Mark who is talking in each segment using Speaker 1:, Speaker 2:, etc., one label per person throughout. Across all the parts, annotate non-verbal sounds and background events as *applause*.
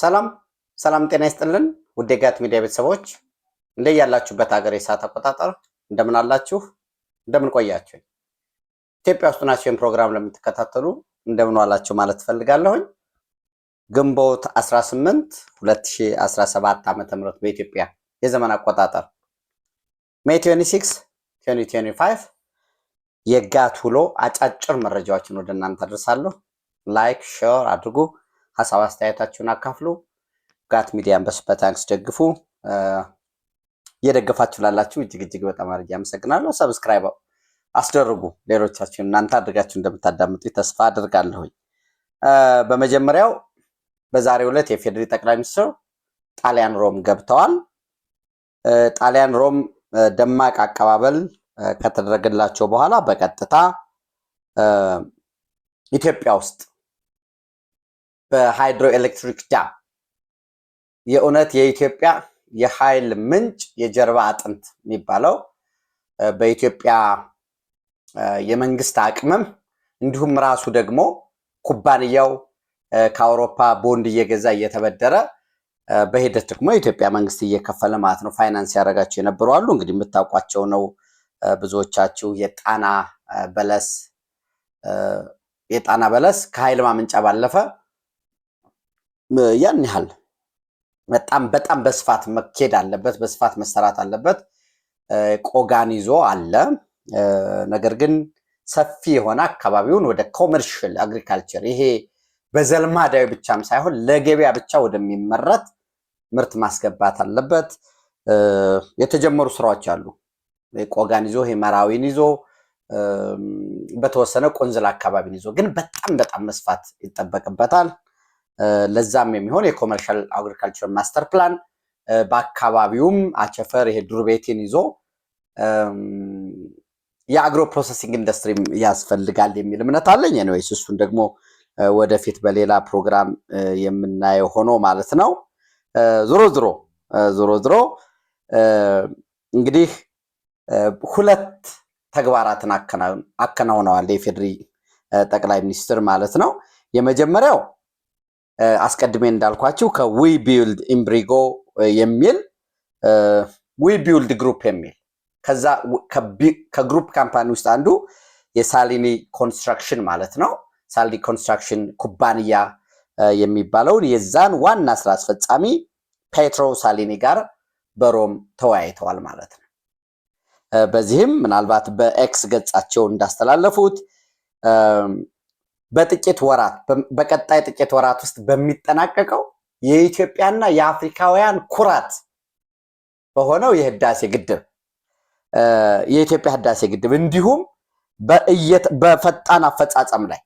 Speaker 1: ሰላም ሰላም፣ ጤና ይስጥልን ውድ የጋት ሚዲያ ቤተሰቦች እንደያላችሁበት ሀገር የሰዓት አቆጣጠር እንደምን አላችሁ? እንደምን ቆያችሁ? ኢትዮጵያ ውስጥ ናችሁ ፕሮግራም ለምትከታተሉ እንደምን ዋላችሁ ማለት ትፈልጋለሁኝ። ግንቦት 18 2017 ም በኢትዮጵያ የዘመን አቆጣጠር ሜይ 26 2025 የጋት ውሎ አጫጭር መረጃዎችን ወደ እናንተ አድርሳለሁ። ላይክ ሼር አድርጉ። ሀሳብ አስተያየታችሁን አካፍሉ። ጋት ሚዲያን በሱፐር ታንክስ ደግፉ። እየደገፋችሁ ላላችሁ እጅግ እጅግ በጣም አድርጌ አመሰግናለሁ። ሰብስክራይብ አስደርጉ። ሌሎቻችሁን እናንተ አድርጋችሁ እንደምታዳምጡ ተስፋ አድርጋለሁኝ። በመጀመሪያው በዛሬው ዕለት የፌዴሪ ጠቅላይ ሚኒስትር ጣሊያን ሮም ገብተዋል። ጣሊያን ሮም ደማቅ አቀባበል ከተደረገላቸው በኋላ በቀጥታ ኢትዮጵያ ውስጥ በሃይድሮ ኤሌክትሪክ ዳም የእውነት የኢትዮጵያ የኃይል ምንጭ የጀርባ አጥንት የሚባለው በኢትዮጵያ የመንግስት አቅምም እንዲሁም ራሱ ደግሞ ኩባንያው ከአውሮፓ ቦንድ እየገዛ እየተበደረ በሂደት ደግሞ የኢትዮጵያ መንግስት እየከፈለ ማለት ነው ፋይናንስ ያደረጋቸው የነበሩ አሉ። እንግዲህ የምታውቋቸው ነው ብዙዎቻችሁ። የጣና በለስ የጣና በለስ ከኃይል ማመንጫ ባለፈ ያን ያህል በጣም በጣም በስፋት መኬድ አለበት፣ በስፋት መሰራት አለበት። ቆጋን ይዞ አለ። ነገር ግን ሰፊ የሆነ አካባቢውን ወደ ኮመርሽል አግሪካልቸር ይሄ በዘልማዳዊ ብቻም ሳይሆን ለገበያ ብቻ ወደሚመረት ምርት ማስገባት አለበት። የተጀመሩ ስራዎች አሉ። ቆጋን ይዞ ሄመራዊን ይዞ በተወሰነ ቆንዝል አካባቢን ይዞ ግን በጣም በጣም መስፋት ይጠበቅበታል። ለዛም የሚሆን የኮመርሻል አግሪካልቸር ማስተር ፕላን በአካባቢውም አቸፈር ይሄ ዱር ቤትን ይዞ የአግሮ ፕሮሰሲንግ ኢንዱስትሪ ያስፈልጋል የሚል እምነት አለኝ። ኒወይስ እሱን ደግሞ ወደፊት በሌላ ፕሮግራም የምናየው ሆኖ ማለት ነው። ዞሮ ዞሮ ዞሮ ዞሮ እንግዲህ ሁለት ተግባራትን አከናውነዋል የፌዴሪ ጠቅላይ ሚኒስትር ማለት ነው። የመጀመሪያው አስቀድሜ እንዳልኳችሁ ከዊ ቢልድ ኢምብሪጎ የሚል ዊ ግሩፕ የሚል ከዛ ከግሩፕ ካምፓኒ ውስጥ አንዱ የሳሊኒ ኮንስትራክሽን ማለት ነው። ሳሊኒ ኮንስትራክሽን ኩባንያ የሚባለውን የዛን ዋና ስራ አስፈጻሚ ፔትሮ ሳሊኒ ጋር በሮም ተወያይተዋል ማለት ነው። በዚህም ምናልባት በኤክስ ገጻቸው እንዳስተላለፉት በጥቂት ወራት በቀጣይ ጥቂት ወራት ውስጥ በሚጠናቀቀው የኢትዮጵያና የአፍሪካውያን ኩራት በሆነው የህዳሴ ግድብ የኢትዮጵያ ህዳሴ ግድብ እንዲሁም በፈጣን አፈጻጸም ላይ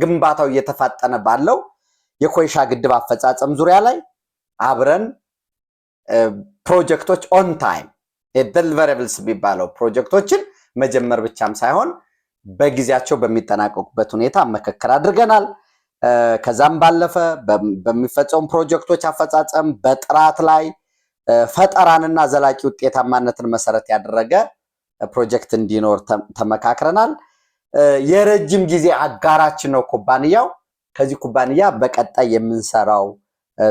Speaker 1: ግንባታው እየተፋጠነ ባለው የኮይሻ ግድብ አፈጻጸም ዙሪያ ላይ አብረን ፕሮጀክቶች ኦን ታይም የደልቨረብልስ የሚባለው ፕሮጀክቶችን መጀመር ብቻም ሳይሆን በጊዜያቸው በሚጠናቀቁበት ሁኔታ ምክክር አድርገናል። ከዛም ባለፈ በሚፈጸሙ ፕሮጀክቶች አፈጻጸም በጥራት ላይ ፈጠራንና ዘላቂ ውጤታማነትን መሰረት ያደረገ ፕሮጀክት እንዲኖር ተመካክረናል። የረጅም ጊዜ አጋራችን ነው ኩባንያው። ከዚህ ኩባንያ በቀጣይ የምንሰራው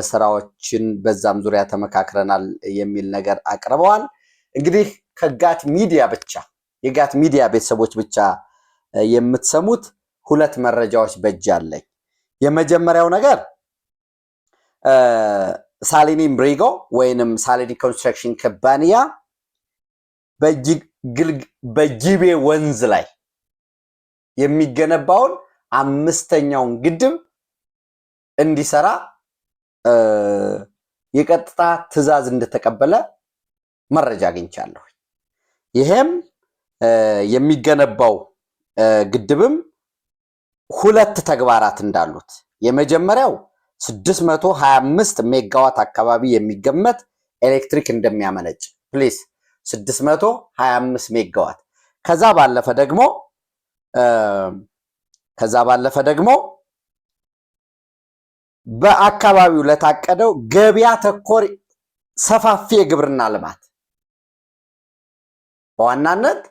Speaker 1: ስራዎችን በዛም ዙሪያ ተመካክረናል የሚል ነገር አቅርበዋል። እንግዲህ ከጋት ሚዲያ ብቻ የጋት ሚዲያ ቤተሰቦች ብቻ የምትሰሙት ሁለት መረጃዎች በእጅ አለኝ። የመጀመሪያው ነገር ሳሊኒ ምብሪጎ ወይንም ሳሊኒ ኮንስትራክሽን ኩባንያ በጅቤ ወንዝ ላይ የሚገነባውን አምስተኛውን ግድብ እንዲሰራ የቀጥታ ትዕዛዝ እንደተቀበለ መረጃ አግኝቻለሁ። ይሄም የሚገነባው ግድብም ሁለት ተግባራት እንዳሉት የመጀመሪያው 625 ሜጋዋት አካባቢ የሚገመት ኤሌክትሪክ እንደሚያመነጭ ፕሊስ 625 ሜጋዋት ከዛ ባለፈ ደግሞ ከዛ ባለፈ ደግሞ በአካባቢው ለታቀደው ገበያ ተኮር ሰፋፊ የግብርና ልማት በዋናነት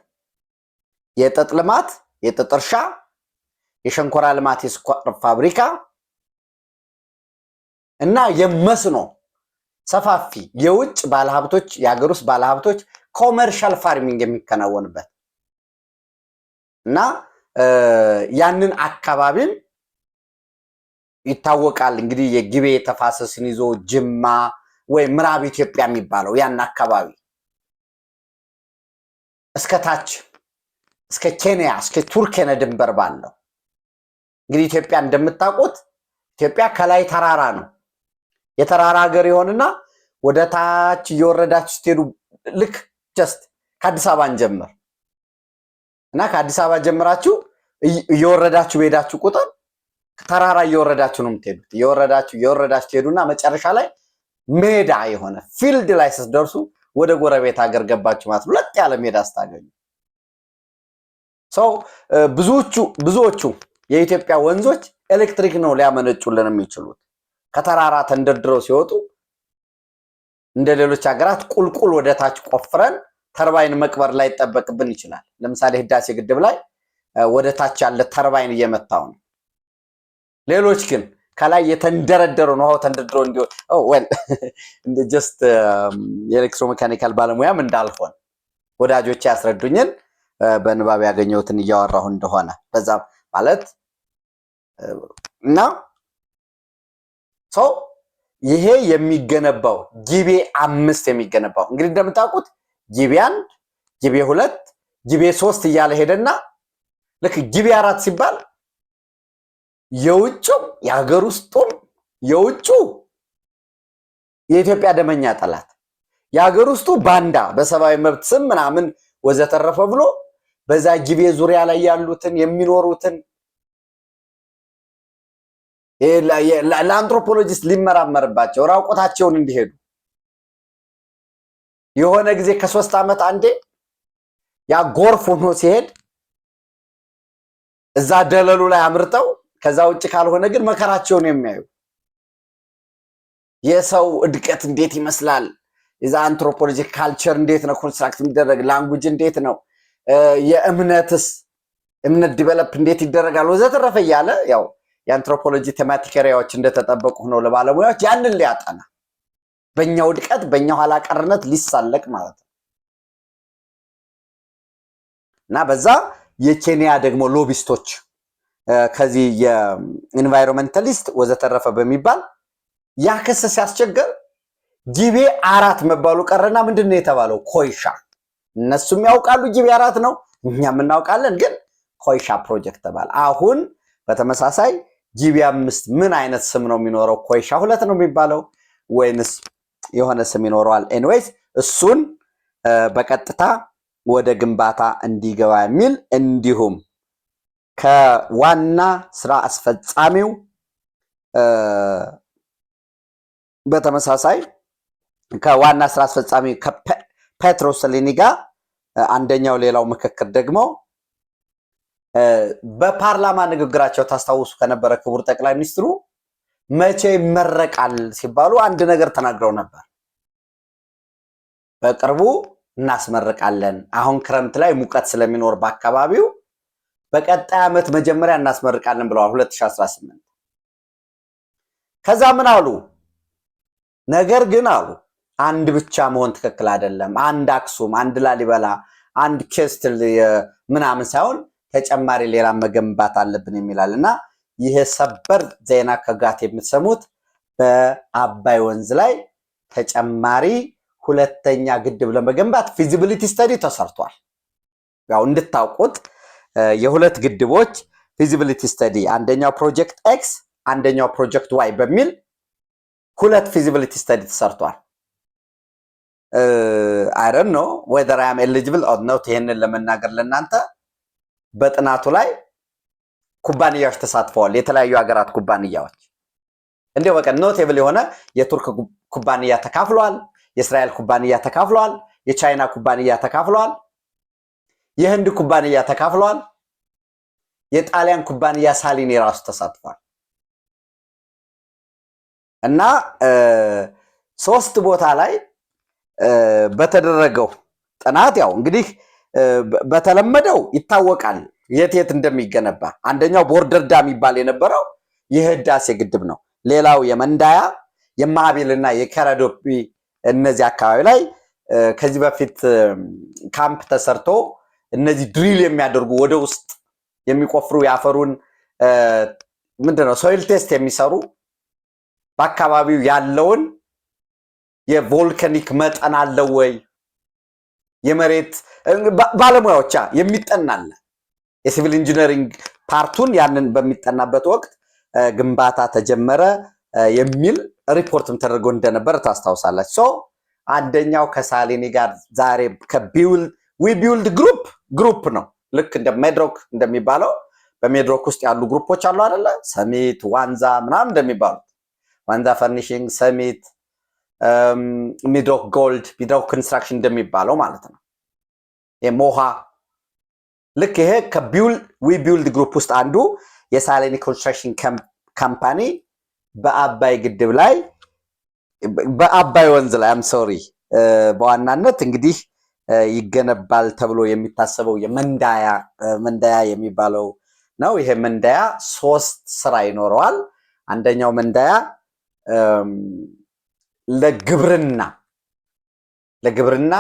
Speaker 1: የጥጥ ልማት የጥጥ እርሻ፣ የሸንኮራ ልማት፣ የስኳር ፋብሪካ እና የመስኖ ሰፋፊ የውጭ ባለሀብቶች፣ የሀገር ውስጥ ባለሀብቶች ኮመርሻል ፋርሚንግ የሚከናወንበት እና ያንን አካባቢም ይታወቃል። እንግዲህ የግቤ ተፋሰስን ይዞ ጅማ ወይ ምዕራብ ኢትዮጵያ የሚባለው ያን አካባቢ እስከታች እስከ ኬንያ እስከ ቱርኬነ ድንበር ባለው እንግዲህ ኢትዮጵያ እንደምታውቁት ኢትዮጵያ ከላይ ተራራ ነው። የተራራ ሀገር የሆንና ወደ ታች እየወረዳችሁ ስትሄዱ ልክ ጀስት ከአዲስ አበባ እንጀምር እና ከአዲስ አበባ ጀምራችሁ እየወረዳችሁ በሄዳችሁ ቁጥር ተራራ እየወረዳችሁ ነው የምትሄዱት። እየወረዳችሁ እየወረዳችሁ ትሄዱና መጨረሻ ላይ ሜዳ የሆነ ፊልድ ላይ ስትደርሱ ወደ ጎረቤት ሀገር ገባችሁ ማለት ነው። ለጥ ያለ ሜዳ ስታገኙ ሰው ብዙዎቹ ብዙዎቹ የኢትዮጵያ ወንዞች ኤሌክትሪክ ነው ሊያመነጩልን የሚችሉት። ከተራራ ተንደርድረው ሲወጡ እንደ ሌሎች ሀገራት ቁልቁል ወደ ታች ቆፍረን ተርባይን መቅበር ላይ ይጠበቅብን ይችላል። ለምሳሌ ህዳሴ ግድብ ላይ ወደ ታች ያለ ተርባይን እየመታው ነው። ሌሎች ግን ከላይ የተንደረደሩ ነው ተንደርድሮ *laughs* ጀስት የኤሌክትሮሜካኒካል ባለሙያም እንዳልሆን ወዳጆች ያስረዱኝን በንባብ ያገኘሁትን እያወራሁ እንደሆነ በዛ ማለት እና ሰው ይሄ የሚገነባው ጊቤ አምስት የሚገነባው እንግዲህ እንደምታውቁት ጊቤ አንድ፣ ጊቤ ሁለት፣ ጊቤ ሶስት እያለ ሄደና ልክ ጊቤ አራት ሲባል የውጩም የሀገር ውስጡም የውጩ የኢትዮጵያ ደመኛ ጠላት የሀገር ውስጡ ባንዳ በሰብአዊ መብት ስም ምናምን ወዘተረፈ ብሎ በዛ ጊቤ ዙሪያ ላይ ያሉትን የሚኖሩትን ለአንትሮፖሎጂስት ሊመራመርባቸው ራቁታቸውን እንዲሄዱ የሆነ ጊዜ ከሶስት ዓመት አንዴ ያ ጎርፍ ሆኖ ሲሄድ እዛ ደለሉ ላይ አምርጠው ከዛ ውጭ ካልሆነ ግን መከራቸውን የሚያዩ የሰው እድቀት እንዴት ይመስላል? የዛ አንትሮፖሎጂ ካልቸር እንዴት ነው ኮንስትራክት የሚደረግ ላንጉጅ እንዴት ነው የእምነትስ እምነት ዲቨሎፕ እንዴት ይደረጋል ወዘተረፈ እያለ ያው የአንትሮፖሎጂ ቴማቲክ ሪያዎች እንደተጠበቁ ሆነው ለባለሙያዎች ያንን ሊያጠና በእኛ ውድቀት በእኛ ኋላ ቀርነት ሊሳለቅ ማለት ነው እና በዛ የኬንያ ደግሞ ሎቢስቶች ከዚህ የኢንቫይሮንመንታሊስት ወዘተረፈ በሚባል ያ ክስ ሲያስቸገር ጊቤ አራት መባሉ ቀረና ምንድን ነው የተባለው? ኮይሻ እነሱም ያውቃሉ ጊቤ አራት ነው፣ እኛም እናውቃለን። ግን ኮይሻ ፕሮጀክት ተባለ። አሁን በተመሳሳይ ጂቢ አምስት ምን አይነት ስም ነው የሚኖረው? ኮይሻ ሁለት ነው የሚባለው ወይንስ የሆነ ስም ይኖረዋል? ኤንዌይስ እሱን በቀጥታ ወደ ግንባታ እንዲገባ የሚል እንዲሁም ከዋና ስራ አስፈጻሚው በተመሳሳይ ከዋና ስራ አስፈጻሚ ፔትሮ ሰሊኒ ጋር አንደኛው ሌላው ምክክር ደግሞ በፓርላማ ንግግራቸው ታስታውሱ ከነበረ ክቡር ጠቅላይ ሚኒስትሩ መቼ ይመረቃል ሲባሉ አንድ ነገር ተናግረው ነበር። በቅርቡ እናስመርቃለን፣ አሁን ክረምት ላይ ሙቀት ስለሚኖር በአካባቢው በቀጣይ ዓመት መጀመሪያ እናስመርቃለን ብለዋል 2018 ከዛ ምን አሉ ነገር ግን አሉ አንድ ብቻ መሆን ትክክል አይደለም። አንድ አክሱም፣ አንድ ላሊበላ፣ አንድ ኬስትል ምናምን ሳይሆን ተጨማሪ ሌላ መገንባት አለብን የሚላል እና ይህ ሰበር ዜና ከጋት የምትሰሙት በአባይ ወንዝ ላይ ተጨማሪ ሁለተኛ ግድብ ለመገንባት ፊዚቢሊቲ ስተዲ ተሰርቷል። ያው እንድታውቁት የሁለት ግድቦች ፊዚቢሊቲ ስተዲ አንደኛው ፕሮጀክት ኤክስ አንደኛው ፕሮጀክት ዋይ በሚል ሁለት ፊዚቢሊቲ ስተዲ ተሰርቷል። አይረን ነው ወደር አያም ኤሊጅብል ኦር ኖት። ይህንን ለመናገር ለእናንተ በጥናቱ ላይ ኩባንያዎች ተሳትፈዋል። የተለያዩ ሀገራት ኩባንያዎች እንዲሁ በቃ ኖቴብል የሆነ የቱርክ ኩባንያ ተካፍሏል፣ የእስራኤል ኩባንያ ተካፍሏል፣ የቻይና ኩባንያ ተካፍሏል፣ የህንድ ኩባንያ ተካፍሏል፣ የጣሊያን ኩባንያ ሳሊኒ ራሱ ተሳትፏል። እና ሶስት ቦታ ላይ በተደረገው ጥናት ያው እንግዲህ በተለመደው ይታወቃል የት የት እንደሚገነባ። አንደኛው ቦርደርዳ የሚባል የነበረው የህዳሴ ግድብ ነው። ሌላው የመንዳያ የማቢልና የከረዶፒ እነዚህ አካባቢ ላይ ከዚህ በፊት ካምፕ ተሰርቶ እነዚህ ድሪል የሚያደርጉ ወደ ውስጥ የሚቆፍሩ የአፈሩን ምንድነው ሶይል ቴስት የሚሰሩ በአካባቢው ያለውን የቮልካኒክ መጠን አለው ወይ? የመሬት ባለሙያዎቻ የሚጠናለ የሲቪል ኢንጂነሪንግ ፓርቱን ያንን በሚጠናበት ወቅት ግንባታ ተጀመረ የሚል ሪፖርትም ተደርጎ እንደነበር ታስታውሳለች። ሶ አንደኛው ከሳሊኒ ጋር ዛሬ ከቢውልድ ግሩፕ ግሩፕ ነው። ልክ እንደ ሜድሮክ እንደሚባለው በሜድሮክ ውስጥ ያሉ ግሩፖች አሉ አደለ? ሰሚት፣ ዋንዛ ምናምን እንደሚባሉት ዋንዛ ፈርኒሽንግ፣ ሰሚት ሚድሮክ ጎልድ፣ ሚድሮክ ኮንስትራክሽን እንደሚባለው ማለት ነው። የሞሃ ልክ ይሄ ከቢውል ዊ ቢውልድ ግሩፕ ውስጥ አንዱ የሳሌኒ ኮንስትራክሽን ካምፓኒ በአባይ ግድብ ላይ በአባይ ወንዝ ላይ አም ሶሪ በዋናነት እንግዲህ ይገነባል ተብሎ የሚታሰበው የመንዳያ መንዳያ የሚባለው ነው። ይሄ መንዳያ ሶስት ስራ ይኖረዋል። አንደኛው መንዳያ ለግብርና ለግብርና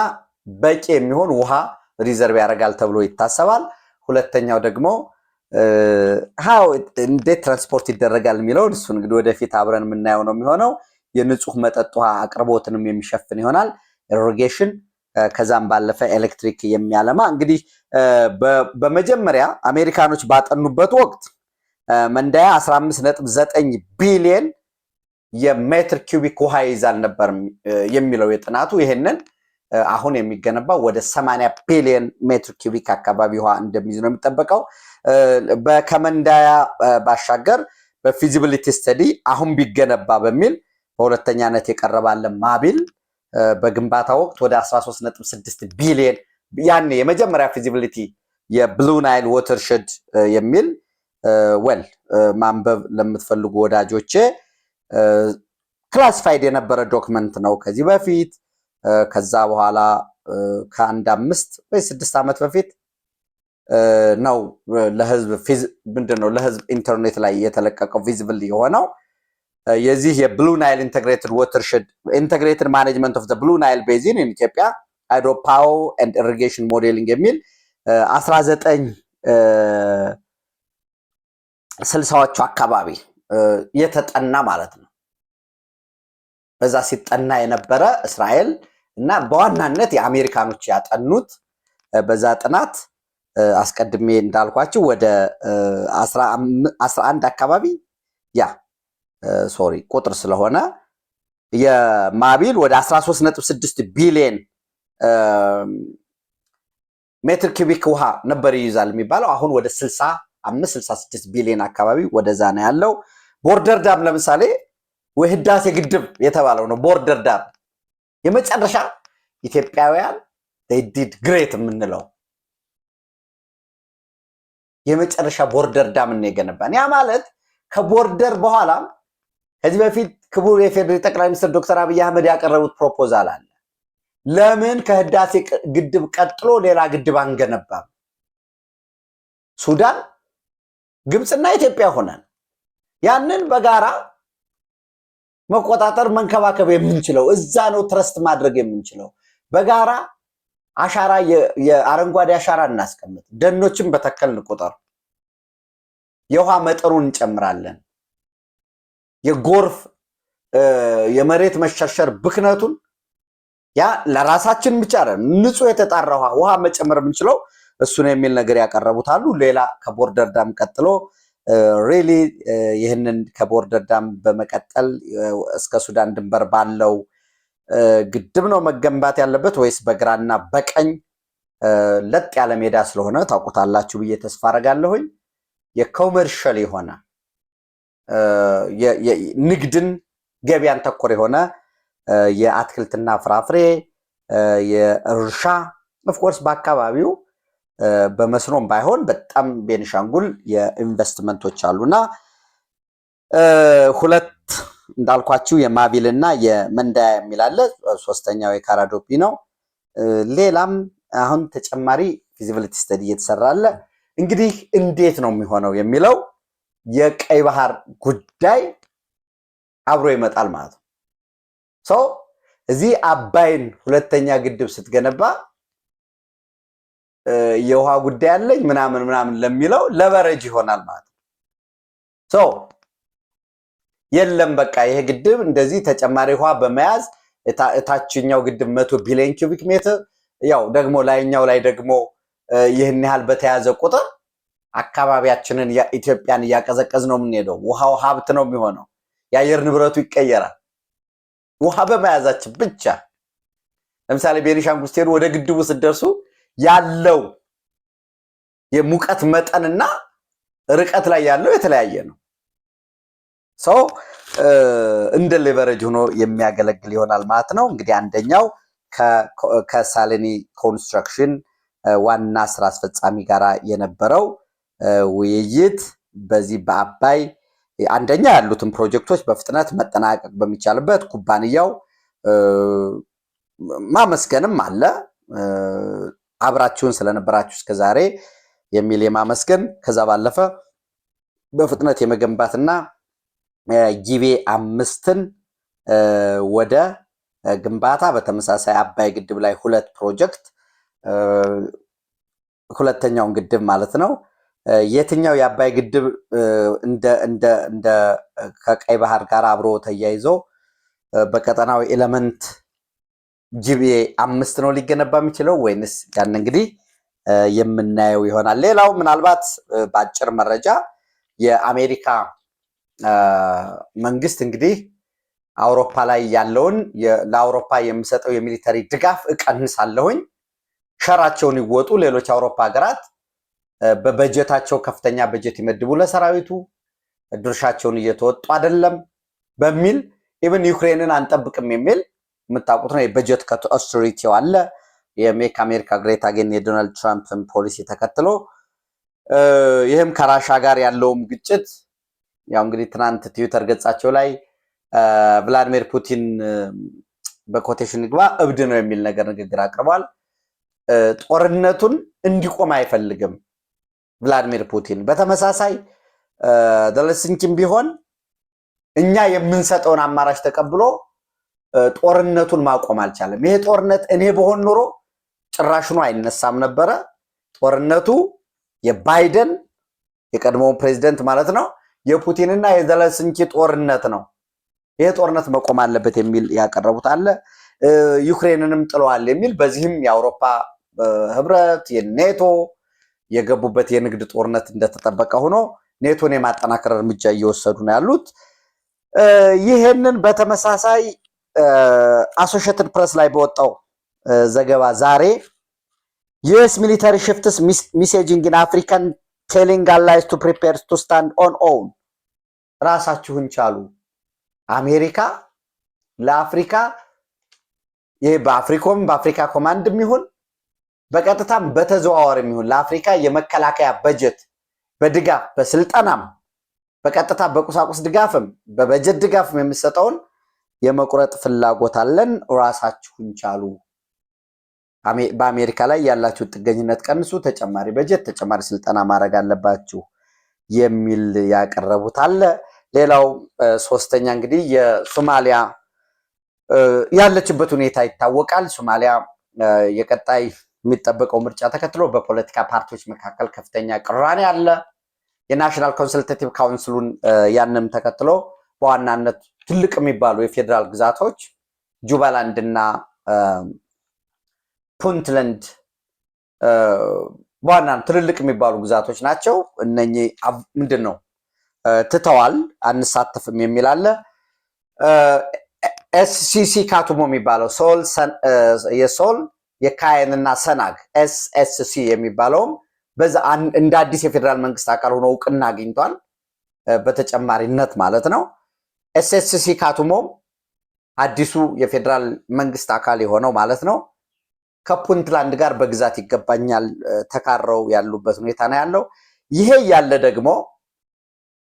Speaker 1: በቂ የሚሆን ውሃ ሪዘርቭ ያደርጋል ተብሎ ይታሰባል። ሁለተኛው ደግሞ ሀው እንዴት ትራንስፖርት ይደረጋል የሚለውን እሱ እንግዲህ ወደፊት አብረን የምናየው ነው የሚሆነው። የንጹህ መጠጥ ውሃ አቅርቦትንም የሚሸፍን ይሆናል ኢሪጌሽን ከዛም ባለፈ ኤሌክትሪክ የሚያለማ እንግዲህ በመጀመሪያ አሜሪካኖች ባጠኑበት ወቅት መንዳያ 15.9 ቢሊየን የሜትር ኪዩቢክ ውሃ ይይዛል ነበር የሚለው የጥናቱ። ይሄንን አሁን የሚገነባው ወደ 80 ቢሊዮን ሜትር ኪዩቢክ አካባቢ ውሃ እንደሚይዝ ነው የሚጠበቀው። ከመንዳያ ባሻገር በፊዚቢሊቲ ስተዲ አሁን ቢገነባ በሚል በሁለተኛነት የቀረባለ ማቢል በግንባታ ወቅት ወደ 13.6 ቢሊዮን ያኔ የመጀመሪያ ፊዚቢሊቲ የብሉ ናይል ወተርሸድ የሚል ወል ማንበብ ለምትፈልጉ ወዳጆቼ ክላሲፋይድ የነበረ ዶክመንት ነው ከዚህ በፊት ከዛ በኋላ ከአንድ አምስት ወይ ስድስት ዓመት በፊት ነው ለህዝብ ምንድን ነው ለህዝብ ኢንተርኔት ላይ የተለቀቀው ቪዚብል የሆነው የዚህ የብሉ ናይል ኢንቴግሬትድ ወተርሽድ ኢንቴግሬትድ ማኔጅመንት ኦፍ ብሉ ናይል ቤዚን ኢትዮጵያ ሃይድሮፓወር ኤንድ ኢሪጌሽን ሞዴሊንግ የሚል 19 ስልሳዎቹ አካባቢ የተጠና ማለት ነው። በዛ ሲጠና የነበረ እስራኤል እና በዋናነት የአሜሪካኖች ያጠኑት በዛ ጥናት አስቀድሜ እንዳልኳቸው ወደ አስራ አንድ አካባቢ ያ ሶሪ ቁጥር ስለሆነ የማቢል ወደ 13.6 ቢሊየን ሜትር ኪቢክ ውሃ ነበር ይይዛል የሚባለው። አሁን ወደ 65 66 ቢሊየን አካባቢ ወደዛ ነው ያለው። ቦርደር ዳም ለምሳሌ ህዳሴ ግድብ የተባለው ነው። ቦርደር ዳም የመጨረሻ ኢትዮጵያውያን ዲድ ግሬት የምንለው የመጨረሻ ቦርደር ዳም ነው የገነባን። ያ ማለት ከቦርደር በኋላም ከዚህ በፊት ክቡር የፌዴሪ ጠቅላይ ሚኒስትር ዶክተር አብይ አህመድ ያቀረቡት ፕሮፖዛል አለ። ለምን ከህዳሴ ግድብ ቀጥሎ ሌላ ግድብ አንገነባም? ሱዳን፣ ግብፅና ኢትዮጵያ ሆነን ያንን በጋራ መቆጣጠር መንከባከብ የምንችለው እዛ ነው። ትረስት ማድረግ የምንችለው በጋራ አሻራ የአረንጓዴ አሻራ እናስቀምጥ። ደኖችን በተከልን ቁጥር የውሃ መጠኑን እንጨምራለን። የጎርፍ የመሬት መሸርሸር ብክነቱን ያ ለራሳችን ብቻ ንጹህ የተጣራ ውሃ ውሃ መጨመር የምንችለው እሱን የሚል ነገር ያቀረቡት አሉ። ሌላ ከቦርደር ዳም ቀጥሎ ሪሊ uh, uh, ይህንን ከቦርደር ዳም በመቀጠል uh, እስከ ሱዳን ድንበር ባለው ግድብ ነው መገንባት ያለበት ወይስ በግራና በቀኝ ለጥ ያለ ሜዳ ስለሆነ ታውቁታላችሁ ብዬ ተስፋ አረጋለሁኝ። የኮመርሻል የሆነ ንግድን ገበያን ተኮር የሆነ የአትክልትና ፍራፍሬ የእርሻ ኦፍኮርስ በአካባቢው በመስኖም ባይሆን በጣም ቤንሻንጉል የኢንቨስትመንቶች አሉና ሁለት እንዳልኳችሁ የማቢል እና የመንዳያ የሚላለ ሶስተኛው የካራዶፒ ነው። ሌላም አሁን ተጨማሪ ፊዚቢሊቲ ስተዲ እየተሰራ አለ። እንግዲህ እንዴት ነው የሚሆነው የሚለው የቀይ ባህር ጉዳይ አብሮ ይመጣል ማለት ነው። ሰው እዚህ አባይን ሁለተኛ ግድብ ስትገነባ የውሃ ጉዳይ አለኝ ምናምን ምናምን ለሚለው ለበረጅ ይሆናል ማለት ነው። የለም በቃ ይሄ ግድብ እንደዚህ ተጨማሪ ውሃ በመያዝ ታችኛው ግድብ መቶ ቢሊዮን ኪዩቢክ ሜትር ያው ደግሞ ላይኛው ላይ ደግሞ ይህን ያህል በተያዘ ቁጥር አካባቢያችንን ኢትዮጵያን እያቀዘቀዝ ነው የምንሄደው። ውሃው ሀብት ነው የሚሆነው። የአየር ንብረቱ ይቀየራል። ውሃ በመያዛችን ብቻ ለምሳሌ ቤኒሻንጉል ስትሄዱ ወደ ግድቡ ስትደርሱ ያለው የሙቀት መጠንና ርቀት ላይ ያለው የተለያየ ነው። ሰው እንደ ሌቨሬጅ ሆኖ የሚያገለግል ይሆናል ማለት ነው። እንግዲህ አንደኛው ከሳሊኒ ኮንስትራክሽን ዋና ስራ አስፈጻሚ ጋር የነበረው ውይይት በዚህ በአባይ አንደኛ ያሉትን ፕሮጀክቶች በፍጥነት መጠናቀቅ በሚቻልበት ኩባንያው ማመስገንም አለ። አብራችሁን ስለነበራችሁ እስከዛሬ የሚል የማመስገን ከዛ ባለፈ በፍጥነት የመገንባትና ጊቤ አምስትን ወደ ግንባታ በተመሳሳይ አባይ ግድብ ላይ ሁለት ፕሮጀክት ሁለተኛውን ግድብ ማለት ነው። የትኛው የአባይ ግድብ እንደ ከቀይ ባህር ጋር አብሮ ተያይዞ በቀጠናዊ ኤለመንት ጅቤ አምስት ነው ሊገነባ የሚችለው ወይንስ ያን እንግዲህ የምናየው ይሆናል። ሌላው ምናልባት በአጭር መረጃ የአሜሪካ መንግስት እንግዲህ አውሮፓ ላይ ያለውን ለአውሮፓ የምሰጠው የሚሊተሪ ድጋፍ እቀንሳለሁኝ፣ ሸራቸውን ይወጡ፣ ሌሎች አውሮፓ ሀገራት በበጀታቸው ከፍተኛ በጀት ይመድቡ ለሰራዊቱ ድርሻቸውን እየተወጡ አይደለም በሚል ኢቨን ዩክሬንን አንጠብቅም የሚል የምታውቁት ነው። የበጀት ከት ኦስተሪቲው አለ። የሜክ አሜሪካ ግሬት አጌን የዶናልድ ትራምፕን ፖሊሲ ተከትሎ ይህም ከራሻ ጋር ያለውም ግጭት ያው እንግዲህ ትናንት ትዊተር ገጻቸው ላይ ቭላዲሚር ፑቲን በኮቴሽን ግባ እብድ ነው የሚል ነገር ንግግር አቅርቧል። ጦርነቱን እንዲቆም አይፈልግም ቭላዲሚር ፑቲን። በተመሳሳይ ዘለንስኪም ቢሆን እኛ የምንሰጠውን አማራጭ ተቀብሎ ጦርነቱን ማቆም አልቻለም። ይሄ ጦርነት እኔ በሆን ኖሮ ጭራሽኑ አይነሳም ነበረ። ጦርነቱ የባይደን የቀድሞውን ፕሬዚደንት ማለት ነው የፑቲንና የዘለንስኪ ጦርነት ነው። ይሄ ጦርነት መቆም አለበት የሚል ያቀረቡት አለ። ዩክሬንንም ጥለዋል የሚል በዚህም የአውሮፓ ህብረት የኔቶ የገቡበት የንግድ ጦርነት እንደተጠበቀ ሆኖ ኔቶን የማጠናከር እርምጃ እየወሰዱ ነው ያሉት። ይህንን በተመሳሳይ አሶሽትድ ፕሬስ ላይ በወጣው ዘገባ ዛሬ ዩኤስ ሚሊተሪ ሽፍትስ ሚሴጂንግ ኢን አፍሪካን ቴሊንግ አላይስ ቱ ፕሪፔር ቱ ስታንድ ኦን ኦውን ራሳችሁን ቻሉ። አሜሪካ ለአፍሪካ ይህ በአፍሪኮም በአፍሪካ ኮማንድ የሚሆን በቀጥታም በተዘዋወር የሚሆን ለአፍሪካ የመከላከያ በጀት በድጋፍ በስልጠናም በቀጥታ በቁሳቁስ ድጋፍም በበጀት ድጋፍም የምሰጠውን የመቁረጥ ፍላጎት አለን፣ ራሳችሁን ቻሉ። በአሜሪካ ላይ ያላችሁ ጥገኝነት ቀንሱ፣ ተጨማሪ በጀት፣ ተጨማሪ ስልጠና ማድረግ አለባችሁ የሚል ያቀረቡት አለ። ሌላው ሶስተኛ እንግዲህ የሶማሊያ ያለችበት ሁኔታ ይታወቃል። ሶማሊያ የቀጣይ የሚጠበቀው ምርጫ ተከትሎ በፖለቲካ ፓርቲዎች መካከል ከፍተኛ ቅራኔ አለ። የናሽናል ኮንሰልታቲቭ ካውንስሉን ያንም ተከትሎ በዋናነት ትልቅ የሚባሉ የፌዴራል ግዛቶች ጁባላንድ እና ፑንትለንድ በዋና ትልልቅ የሚባሉ ግዛቶች ናቸው። እነኚህ ምንድን ነው ትተዋል፣ አንሳተፍም የሚል አለ። ኤስሲሲ ካቱሞ የሚባለው የሶል እና ሰናግ ኤስኤስሲ የሚባለውም በዛ እንደ አዲስ የፌዴራል መንግስት አካል ሆኖ እውቅና አግኝቷል። በተጨማሪነት ማለት ነው። ኤስኤስሲ ካቱሞ አዲሱ የፌዴራል መንግስት አካል የሆነው ማለት ነው ከፑንትላንድ ጋር በግዛት ይገባኛል ተካረው ያሉበት ሁኔታ ነው ያለው። ይሄ ያለ ደግሞ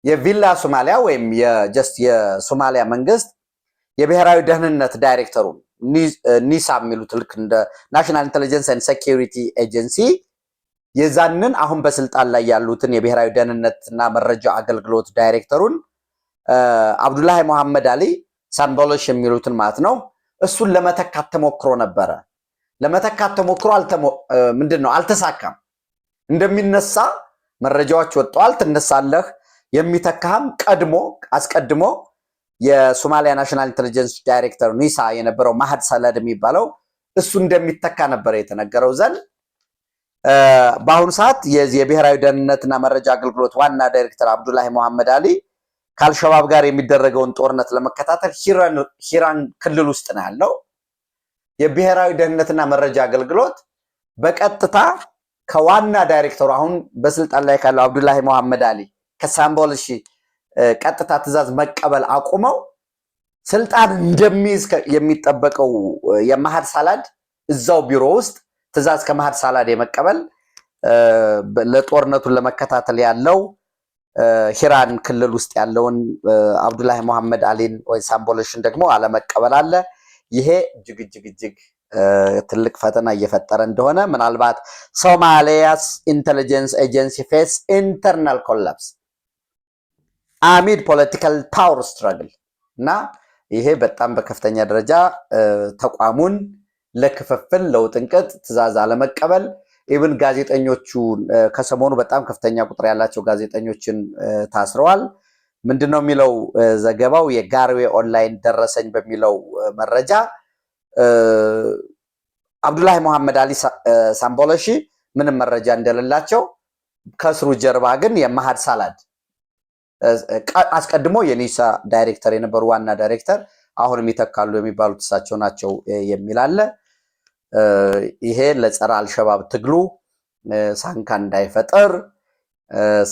Speaker 1: የቪላ ሶማሊያ ወይም የጀስት የሶማሊያ መንግስት የብሔራዊ ደህንነት ዳይሬክተሩ ኒሳ የሚሉት ልክ እንደ ናሽናል ኢንቴሊጀንስ ኤንድ ሴኪሪቲ ኤጀንሲ የዛንን አሁን በስልጣን ላይ ያሉትን የብሔራዊ ደህንነትና መረጃ አገልግሎት ዳይሬክተሩን አብዱላህ መሐመድ አሊ ሳንበሎች የሚሉትን ማለት ነው። እሱን ለመተካት ተሞክሮ ነበረ። ለመተካት ተሞክሮ ምንድን ነው አልተሳካም። እንደሚነሳ መረጃዎች ወጥተዋል። ትነሳለህ፣ የሚተካህም ቀድሞ አስቀድሞ የሶማሊያ ናሽናል ኢንቴሊጀንስ ዳይሬክተር ኒሳ የነበረው ማህድ ሰለድ የሚባለው እሱ እንደሚተካ ነበረ የተነገረው ዘንድ በአሁኑ ሰዓት የብሔራዊ ደህንነትና መረጃ አገልግሎት ዋና ዳይሬክተር አብዱላሂ መሐመድ አሊ ከአልሸባብ ጋር የሚደረገውን ጦርነት ለመከታተል ሂራን ክልል ውስጥ ነው ያለው። የብሔራዊ ደህንነትና መረጃ አገልግሎት በቀጥታ ከዋና ዳይሬክተሩ አሁን በስልጣን ላይ ካለው አብዱላሂ መሐመድ አሊ ከሳምቦል ሺ ቀጥታ ትእዛዝ መቀበል አቁመው ስልጣን እንደሚይዝ የሚጠበቀው የመሀድ ሳላድ እዛው ቢሮ ውስጥ ትእዛዝ ከመሀድ ሳላድ የመቀበል ለጦርነቱን ለመከታተል ያለው ሂራን ክልል ውስጥ ያለውን አብዱላሂ መሐመድ አሊን ወይ ሳምቦሎሽን ደግሞ አለመቀበል አለ። ይሄ እጅግ እጅግ እጅግ ትልቅ ፈተና እየፈጠረ እንደሆነ ምናልባት ሶማሊያስ ኢንቴሊጀንስ ኤጀንሲ ፌስ ኢንተርናል ኮላፕስ አሚድ ፖለቲካል ፓወር ስትራግል እና ይሄ በጣም በከፍተኛ ደረጃ ተቋሙን ለክፍፍል ለውጥንቅጥ ትዛዝ አለመቀበል ኢብን ጋዜጠኞቹ ከሰሞኑ በጣም ከፍተኛ ቁጥር ያላቸው ጋዜጠኞችን ታስረዋል። ምንድን ነው የሚለው ዘገባው? የጋርዌ ኦንላይን ደረሰኝ በሚለው መረጃ አብዱላሂ መሐመድ አሊ ሳምቦለሺ ምንም መረጃ እንደሌላቸው ከስሩ ጀርባ ግን የመሀድ ሳላድ አስቀድሞ የኒሳ ዳይሬክተር የነበሩ ዋና ዳይሬክተር አሁንም ይተካሉ የሚባሉት እሳቸው ናቸው የሚል አለ። ይሄ ለጸረ አልሸባብ ትግሉ ሳንካ እንዳይፈጠር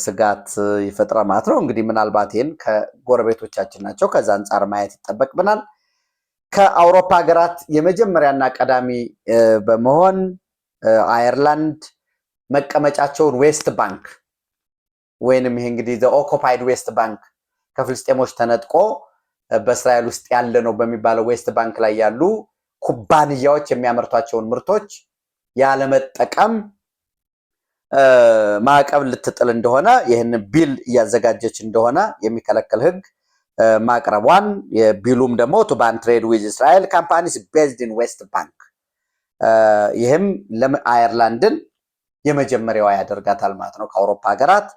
Speaker 1: ስጋት ይፈጥራል ማለት ነው። እንግዲህ ምናልባት ይህን ከጎረቤቶቻችን ናቸው፣ ከዛ አንጻር ማየት ይጠበቅብናል። ከአውሮፓ ሀገራት የመጀመሪያና ቀዳሚ በመሆን አየርላንድ መቀመጫቸውን ዌስት ባንክ ወይንም ይሄ እንግዲህ ኦኮፓይድ ዌስት ባንክ ከፍልስጤሞች ተነጥቆ በእስራኤል ውስጥ ያለ ነው በሚባለው ዌስት ባንክ ላይ ያሉ ኩባንያዎች የሚያመርቷቸውን ምርቶች ያለመጠቀም ማዕቀብ ልትጥል እንደሆነ ይህን ቢል እያዘጋጀች እንደሆነ የሚከለከል ህግ ማቅረቧን የቢሉም ደግሞ ቱ ባን ትሬድ ዊዝ እስራኤል ካምፓኒስ ቤዝድ ኢን ዌስት ባንክ ይህም አየርላንድን የመጀመሪያዋ ያደርጋታል ማለት ነው ከአውሮፓ ሀገራት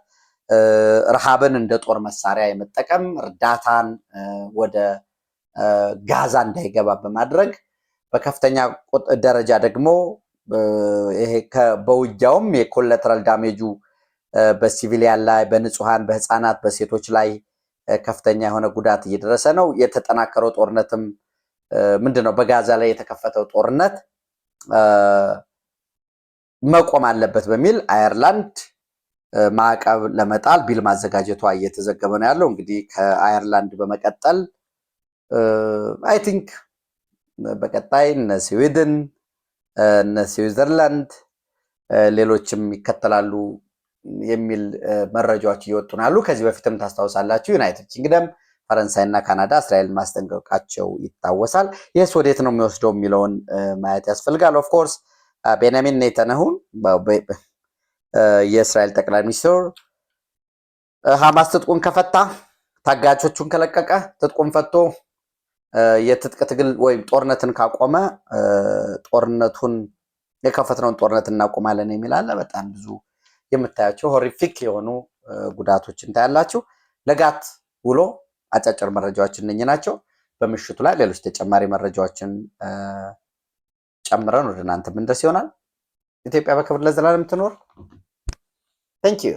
Speaker 1: ረሃብን እንደ ጦር መሳሪያ የመጠቀም እርዳታን ወደ ጋዛ እንዳይገባ በማድረግ በከፍተኛ ደረጃ ደግሞ ይሄ በውጊያውም ዳሜጁ በሲቪሊያን ላይ በንጹሃን በህፃናት በሴቶች ላይ ከፍተኛ የሆነ ጉዳት እየደረሰ ነው። የተጠናከረው ጦርነትም ምንድን ነው በጋዛ ላይ የተከፈተው ጦርነት መቆም አለበት በሚል አየርላንድ ማዕቀብ ለመጣል ቢል ማዘጋጀቷ እየተዘገበ ነው ያለው። እንግዲህ ከአየርላንድ በመቀጠል አይ ቲንክ በቀጣይ እነ ስዊድን፣ እነ ስዊዘርላንድ ሌሎችም ይከተላሉ የሚል መረጃዎች እየወጡ ናሉ ከዚህ በፊትም ታስታውሳላችሁ ዩናይትድ ኪንግደም፣ እና ካናዳ እስራኤል ማስጠንቀቃቸው ይታወሳል። ይህስ ወዴት ነው የሚወስደው የሚለውን ማየት ያስፈልጋል። ኦፍኮርስ ቤንያሚን ኔተነሁን የእስራኤል ጠቅላይ ሚኒስትር ሀማስ ትጥቁን ከፈታ ታጋቾቹን ከለቀቀ ትጥቁን ፈቶ የትጥቅ ትግል ወይም ጦርነትን ካቆመ ጦርነቱን የከፈትነውን ጦርነት እናቆማለን የሚላለ በጣም ብዙ የምታያቸው ሆሪፊክ የሆኑ ጉዳቶች እንታያላችሁ። ለጋት ውሎ አጫጭር መረጃዎች እነኚህ ናቸው። በምሽቱ ላይ ሌሎች ተጨማሪ መረጃዎችን ጨምረን ወደ እናንተ ምንደርስ ይሆናል። ኢትዮጵያ በክብር ለዘላለም ትኖር። ታንኪዩ